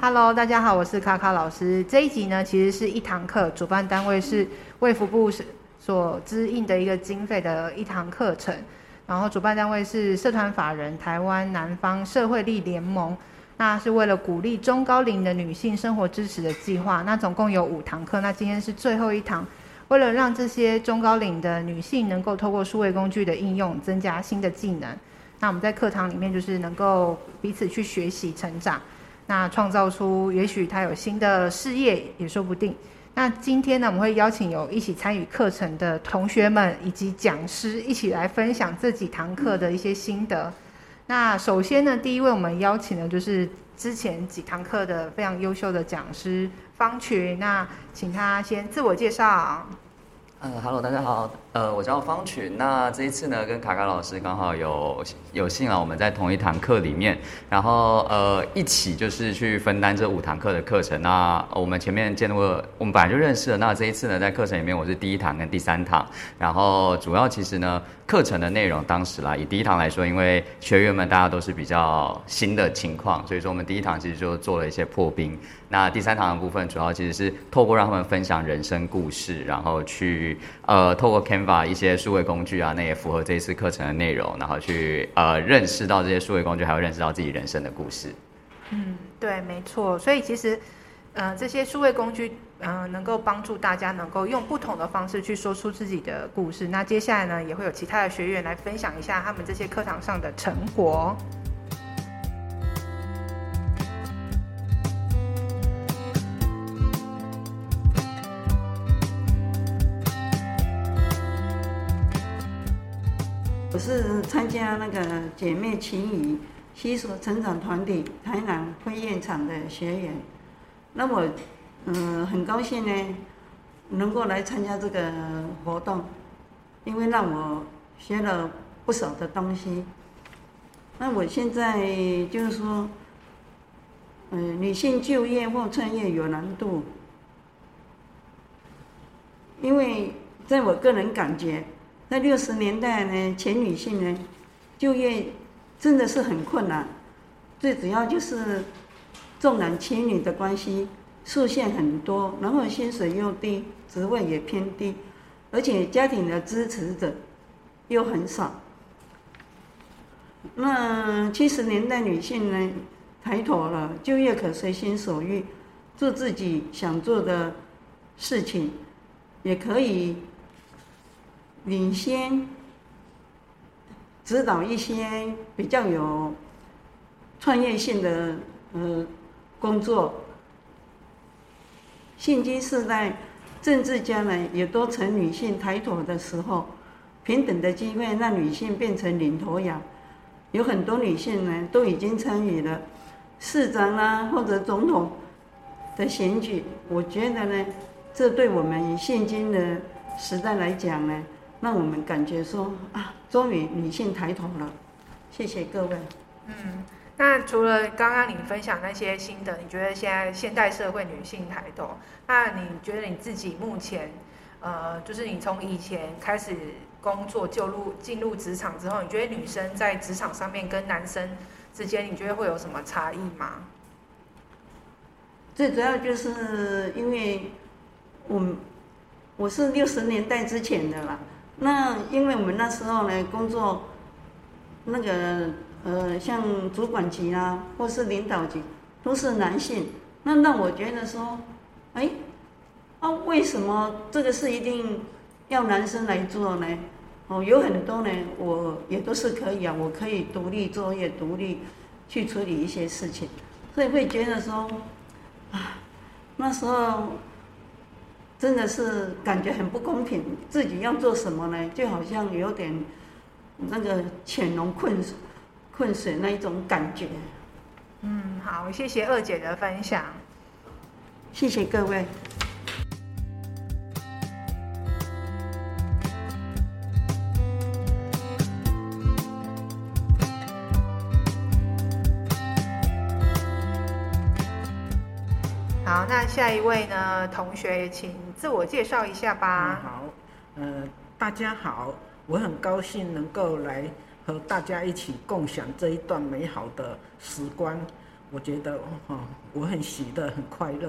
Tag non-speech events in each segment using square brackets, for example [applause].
哈嘍，大家好，我是卡卡老師。這一集呢，其實是一堂課，主辦單位是衛福部所支應的一個經費的一堂課程。然後主辦單位是社團法人台灣南方社會力聯盟，那是為了鼓勵中高齡的女性生活支持的計劃。那總共有五堂課，那今天是最後一堂，為了讓這些中高齡的女性能夠透過數位工具的應用，增加新的技能。那我們在課堂裡面就是能夠彼此去學習成長。那創造出，也許他有新的事業也說不定。那今天呢，我們會邀請有一起參與課程的同學們以及講師一起來分享這幾堂課的一些心得。那首先呢，第一位我們邀請的就是之前幾堂課的非常優秀的講師方群，那請他先自我介紹。嗯哈嘍，呃，Hello, 大家好。呃，我叫方群。那這一次呢，跟卡卡老師剛好有有幸啊，我們在同一堂課裡面，然後呃一起就是去分擔這五堂課的課程。那我們前面見過，我們本來就認識了。那這一次呢，在課程裡面，我是第一堂跟第三堂。然後主要其實呢，課程的內容當時啦，以第一堂來說，因為學員們大家都是比較新的情況，所以說我們第一堂其實就做了一些破冰。那第三堂的部分，主要其實是透過讓他們分享人生故事，然後去。呃，透過 Canva 一些數位工具啊，那也符合這一次課程的內容，然後去呃認識到這些數位工具，還有認識到自己人生的故事。嗯，對，沒錯。所以其實，呃這些數位工具，嗯、呃，能夠幫助大家能夠用不同的方式去說出自己的故事。那接下來呢，也會有其他的學員來分享一下他們這些課堂上的成果。是參加那個姐妹情誼、攜手成長團體台南飛燕場的學員，那我嗯很高興呢，能夠來參加這個活動，因為讓我學了不少的東西。那我現在就是說，嗯、呃，女性就業或創業有難度，因為在我個人感覺。那六十年代呢，前女性呢，就業真的是很困難，最主要就是重男輕女的關係，受限很多，然後薪水又低，職位也偏低，而且家庭的支持者又很少。那七十年代女性呢，抬頭了，就業可隨心所欲，做自己想做的事情，也可以，領先，指導一些比較有創業性的呃工作。現今時代，政治家們也都成女性抬頭的時候，平等的機會讓女性變成領頭羊，有很多女性呢都已經參與了市長啊或者總統的選舉。我覺得呢，這對我們以現今的時代來講呢。那我們感覺說啊，終於女性抬頭了，謝謝各位。嗯，那除了剛剛你分享那些心得，你覺得現在現代社會女性抬頭，那你覺得你自己目前，呃，就是你從以前開始工作就入進入職場之後，你覺得女生在職場上面跟男生之間，你覺得會有什麼差異嗎？最主要就是因為我，我我是六十年代之前的啦。那因為我們那時候呢，工作那個呃，像主管級啊，或是領導級，都是男性。那那我覺得說，哎、欸，啊，為什麼這個事一定要男生來做呢？哦，有很多呢，我也都是可以啊，我可以獨立作業，獨立去處理一些事情，所以會覺得說，啊，那時候。真的是感覺很不公平，自己要做什麼呢？就好像有點那個潛龍困困水那一種感覺。嗯，好，謝謝二姐的分享，謝謝各位。好，那下一位呢？同學也請。自我介紹一下吧、嗯。好，呃，大家好，我很高興能夠來和大家一起共享這一段美好的時光。我覺得、哦、我很喜樂，很快樂。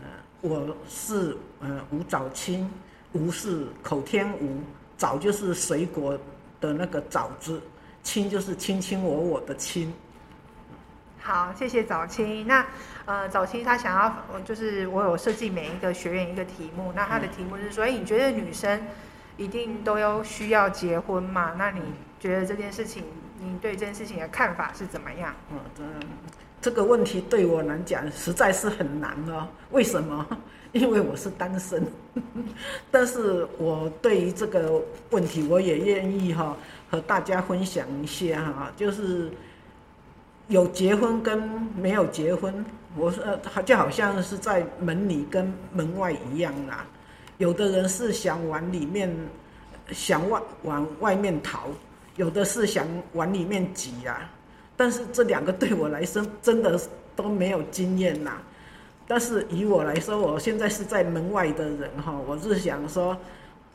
呃，我是呃吳早清，吳是口天吳，早就是水果的那個棗子，清就是卿卿我我的卿。好，謝謝早清。那呃，早清他想要，就是我有設計每一個學員一個題目。那他的題目是說，嗯哎、你覺得女生一定都要需要結婚嗎？那你覺得這件事情，你對這件事情的看法是怎麼樣？嗯，這個問題對我來講實在是很難哦。為什麼？因為我是單身。 [laughs] 但是我對於這個問題，我也願意哈和大家分享一些哈，就是。有結婚跟沒有結婚，我說就好像是在門裡跟門外一樣啦、啊。有的人是想往裡面，想往往外面逃，有的是想往裡面擠啊。但是這兩個對我來說，真的都沒有經驗吶、啊。但是以我來說，我現在是在門外的人哈，我是想說，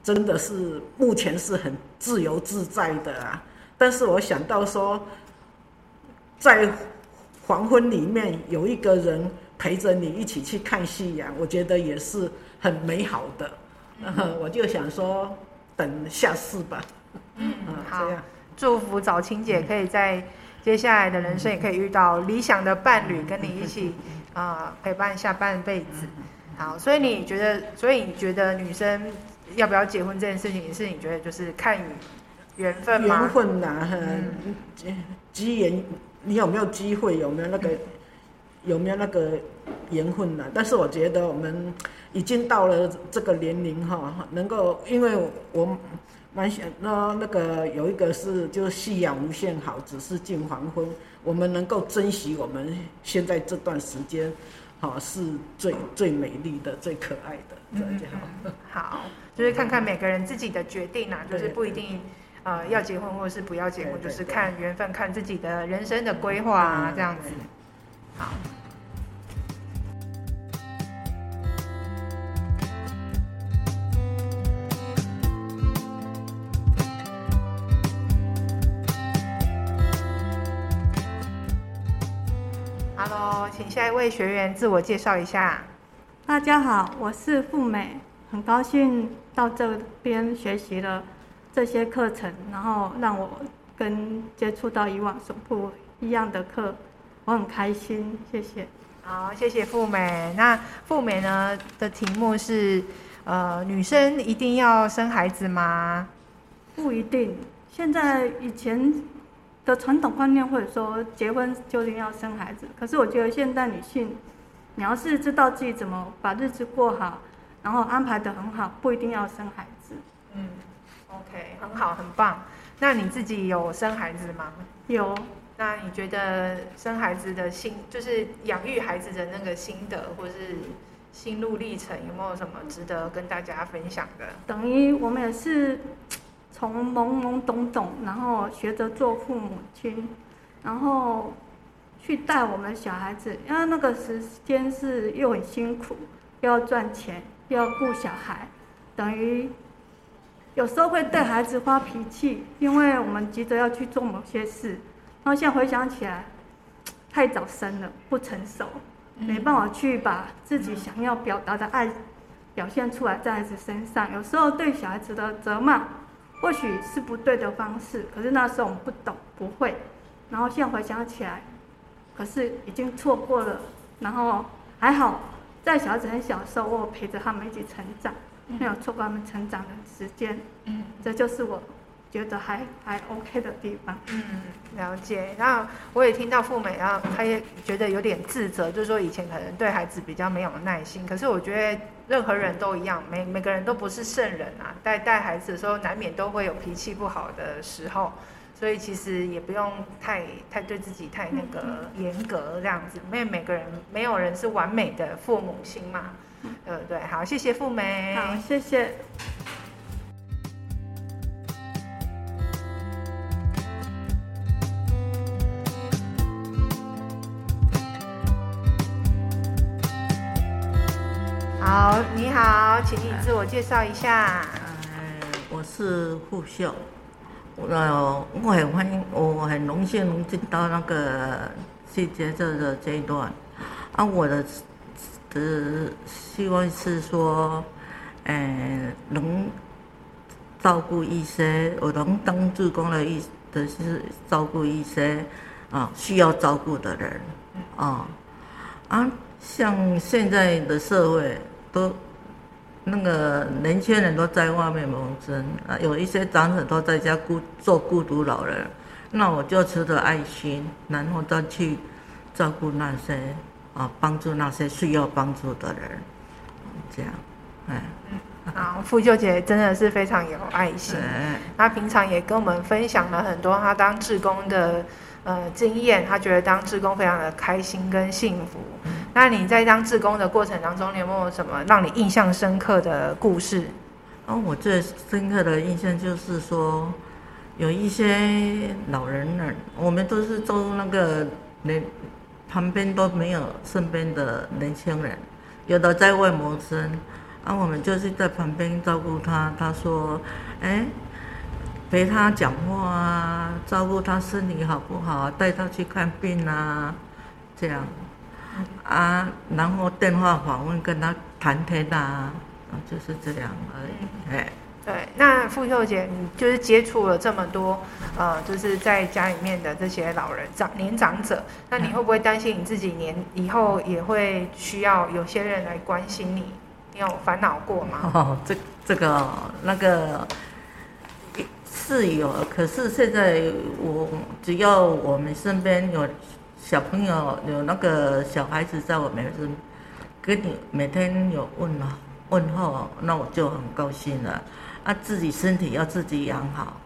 真的是目前是很自由自在的啊。但是我想到說。在黃昏裡面有一個人陪着你一起去看夕陽，我覺得也是很美好的。Mm hmm. 我就想說，等下世吧。Mm hmm. 嗯，好，樣祝福早清姐、mm hmm. 可以在接下來的人生也可以遇到理想的伴侶，mm hmm. 跟你一起啊、呃、陪伴下半輩子。Mm hmm. 好，所以你覺得，所以你覺得女生要不要結婚這件事情，是你覺得就是看你緣分嗎？緣分吶、啊，很、嗯、吉、mm hmm. 言。你有沒有機會？有沒有那個，有沒有那個緣分呢？但是我覺得我們已經到了這個年齡哈，能夠，因為我蠻想那那個有一個是就是夕陽無限好，只是近黃昏。我們能夠珍惜我們現在這段時間，哈，是最最美麗的、最可愛的這樣。好，就是看看每個人自己的決定啊，就是不一定。呃，要結婚或是不要結婚，就是看緣分，看自己的人生的規劃啊，這樣子。好。Hello，請下一位學員自我介紹一下。大家好，我是富美，很高興到這邊學習了。這些課程，然後讓我跟接觸到以往所不一樣的課，我很開心。謝謝。好，謝謝富美。那富美呢的題目是：呃，女生一定要生孩子嗎？不一定。現在以前的傳統觀念，或者說結婚就一定要生孩子？可是我覺得現代女性，你要是知道自己怎麼把日子過好，然後安排得很好，不一定要生孩子。嗯。OK，很好，很棒。那你自己有生孩子嗎？有。那你覺得生孩子的心，就是養育孩子的那個心得，或是心路歷程，有沒有什麼值得跟大家分享的？等於我們也是從懵懵懂懂，然後學着做父母親，然後去帶我們的小孩子，因為那個時間是又很辛苦，又要賺錢，又要顧小孩，等於。有時候會對孩子發脾氣，因為我們急着要去做某些事。然後現在回想起來，太早生了，不成熟，沒辦法去把自己想要表達的愛表現出來在孩子身上。有時候對小孩子的責罵，或許是不對的方式，可是那時候我們不懂，不會。然後現在回想起來，可是已經錯過了。然後還好。在小孩子很小的時候，我陪着他們一起成長，沒有錯過他們成長的時間。這就是我覺得還還 OK 的地方。嗯，了解。那我也聽到富美，然後他也覺得有點自責，就是說以前可能對孩子比較沒有耐心。可是我覺得任何人都一樣，每每個人都不是聖人啊。帶帶孩子的時候，難免都會有脾氣不好的時候。所以其實也不用太太對自己太那個嚴格這樣子，因為每個人沒有人是完美的父母心嘛，對不對？好，謝謝富美。好，謝謝。好，你好，請你自我介紹一下。嗯、呃，我是傅秀。呃，我很歡迎，我很榮幸能進到那個細節這個階段。啊，我的的希望是說，誒，能照顧一些，我能當志工的意思是照顧一些啊需要照顧的人，啊，啊，像現在的社會都。那個年輕人都在外面謀生啊，有一些長者都在家孤做孤獨老人，那我就持着愛心，然後再去照顧那些啊，幫助那些需要幫助的人，這樣，哎，嗯，啊，傅秀姐真的是非常有愛心，她、哎、平常也跟我們分享了很多她當志工的呃經驗，她覺得當志工非常的開心跟幸福。那你在當志工的過程當中，你有沒有什麼讓你印象深刻的故事？哦、啊，我最深刻的印象就是說，有一些老人呢，我們都是都那個連，連旁邊都沒有身邊的年輕人，有的在外謀生，啊，我們就是在旁邊照顧他。他說：“哎、欸，陪他講話啊，照顧他身體好不好？帶他去看病啊，這樣。”啊，然後電話訪問跟他談天啊，就是這樣而已。哎，對，那傅秀姐，你就是接觸了這麼多，呃，就是在家裡面的這些老人長年長者，那你會不會擔心你自己年以後也會需要有些人來關心你？你有煩惱過嗎？哦、這這個、哦、那個是有，可是現在我只要我們身邊有。小朋友有那個小孩子在我面前跟你每天有問問候，那我就很高興了。啊，自己身體要自己養好，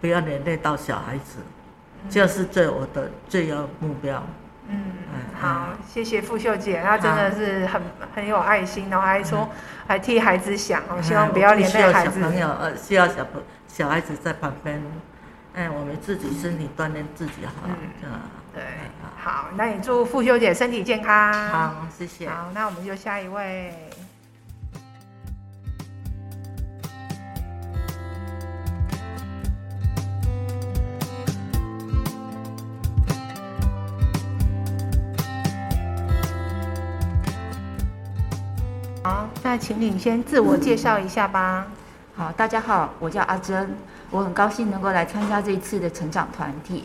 不要連累到小孩子，嗯、就是最我的最要目標。嗯，嗯好，謝謝傅秀姐，她、啊、真的是很很有愛心，好然後還說、嗯、還替孩子想，希望不要連累孩子。小朋友呃、啊，需要小朋小孩子在旁邊，哎，我們自己身體鍛鍊自己好啊。嗯、好對。好，那你祝傅修姐身體健康。好，謝謝。好，那我們就下一位。好，那請你先自我介紹一下吧。嗯。好，大家好，我叫阿珍，我很高興能夠來參加這一次的成長團體。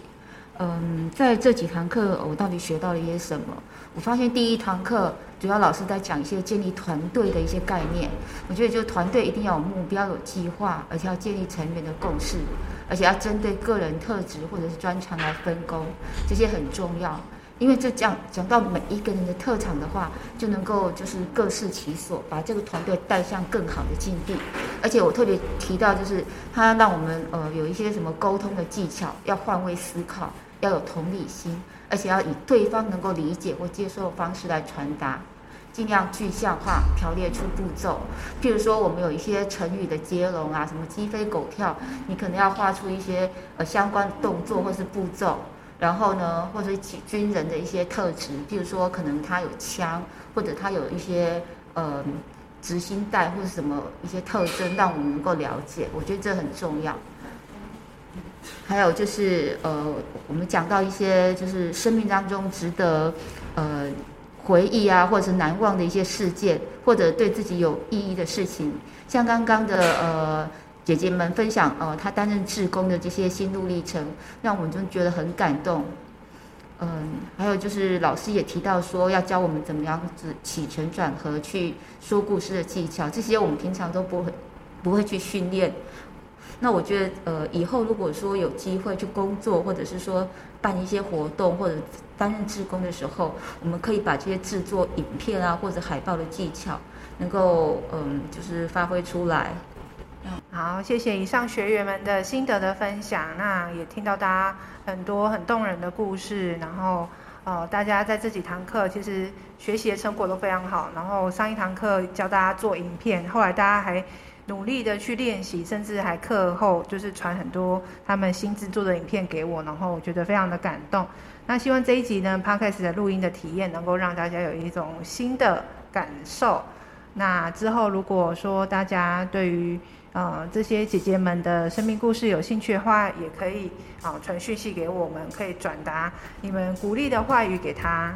嗯，在這幾堂課，我到底學到了一些什麼？我發現第一堂課主要老師在講一些建立團隊的一些概念。我覺得就團隊一定要有目標、有計劃，而且要建立成員的共識，而且要針對個人特質或者是專長來分工，這些很重要。因為這講講到每一個人的特長的話，就能夠就是各司其所，把這個團隊帶向更好的境地。而且我特別提到，就是他讓我們呃有一些什麼溝通的技巧，要換位思考。要有同理心，而且要以對方能夠理解或接受的方式來傳達，盡量具象化，條列出步驟。譬如說，我們有一些成語的接龍啊，什麼雞飛狗跳，你可能要畫出一些呃相關動作或是步驟。然後呢，或者是軍人的一些特質，譬如說，可能他有槍，或者他有一些呃執行帶或者什麼一些特徵，讓我們能夠了解。我覺得這很重要。還有就是，呃，我們講到一些就是生命當中值得，呃，回憶啊，或者是難忘的一些事件，或者對自己有意義的事情，像剛剛的呃姐姐們分享，呃，她擔任志工的這些心路歷程，讓我們就覺得很感動。嗯、呃，還有就是老師也提到說，要教我們怎麼樣起承轉合去說故事的技巧，這些我們平常都不會不會去訓練。那我覺得，呃，以後如果說有機會去工作，或者是說辦一些活動，或者擔任志工的時候，我們可以把這些制作影片啊或者海報的技巧，能夠嗯、呃，就是發揮出來。嗯，好，謝謝以上學員們的心得的分享。那也聽到大家很多很動人的故事，然後呃，大家在這幾堂課其實學習的成果都非常好。然後上一堂課教大家做影片，後來大家還。努力的去練習，甚至還課後就是傳很多他們新製作的影片給我，然後我覺得非常的感動。那希望這一集呢，Podcast 的錄音的體驗能夠讓大家有一種新的感受。那之後如果說大家對於呃這些姐姐們的生命故事有興趣的話，也可以啊、呃、傳訊息給我，我們，可以轉達你們鼓勵的話語給她。